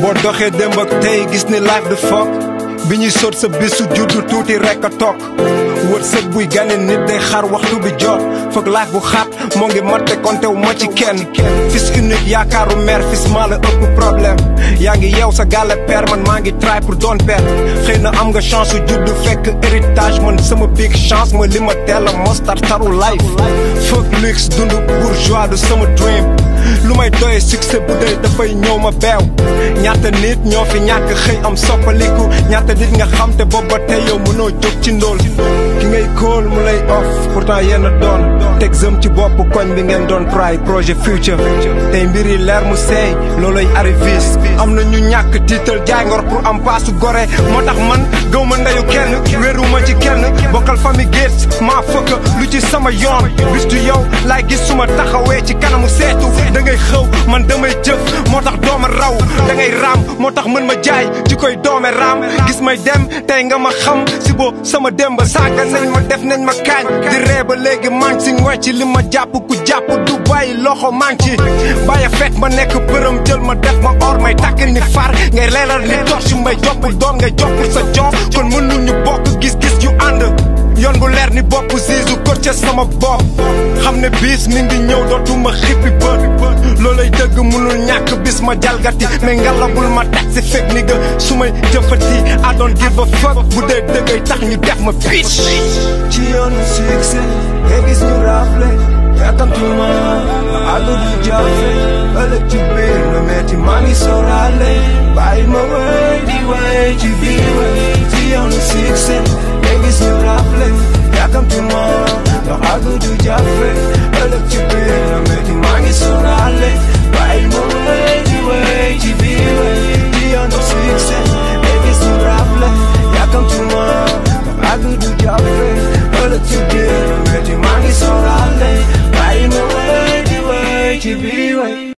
boo doxee démb ak tey gis ni life de foog bi ñuy sot sa bisu juddu tuuti rekk a toog wërsëg buy gane nit day xaar waxtu bi jot foog life bu xaat moo ngi matte konte wu ma ci kenn fils unique yaakaaru mère fils maa la ëpp problème yaa ngi yeew sa gàlle père man maa ngi try pour doon père xëy na am nga chance juddu fekk héritage man sama big chance mooy li ma teel a mos tartaru life luxe dundu bourgeois du sama dream lu may doyee succès bu dee dafay ñëw ma beew ñaata nit ñoo fi ñàkk xëy am soppaliku ñaata nit nga xam te booba tey yow mënoo jóg ci ndóol ki ngay kóol mu lay off pourtant yenn doon teg zëm ci bopp koñ bi ngeen doon pray projet future tey mbir yi leer mu seey looloy arriviste am na ñu ñàkk tiital jaay ngor pour am paasu gore moo tax man gëw ndeyu kenn nekkal famille Gates maa fëkk lu ci sama yoon bis du yow laay gis suma ma taxawee ci kanamu seetu da ngay xëw man damay jëf moo tax dooma raw da ngay moo tax mën ma jaay ci koy doome raam gis may dem tey nga ma xam si boo sama dem ba saaga nañ ma def nañ ma kaañ di ree ba léegi maa ngi si ngoy ci li ma jàpp ku jàpp du loxo maa ngi ci bàyyi fekk ma nekk bërëm jël ma def ma or may takk ni far ngay leeral ni torche may jopp doom ngay jopp sa jox ca sama bopp xam ne bis mi ngi ñëw dootuma xippi bët loolay dëgg mënul ñàkk bis ma jalgati mais ngalabul ma teg si fekk ni nga su may jëfati I don't give a fuck bu dee dëggay tax ñu def ma bitch ci yoonu succès nga gis ñu rafle yaakantuma ci biir lu metti maa ngi ma wéy di wéy ci biir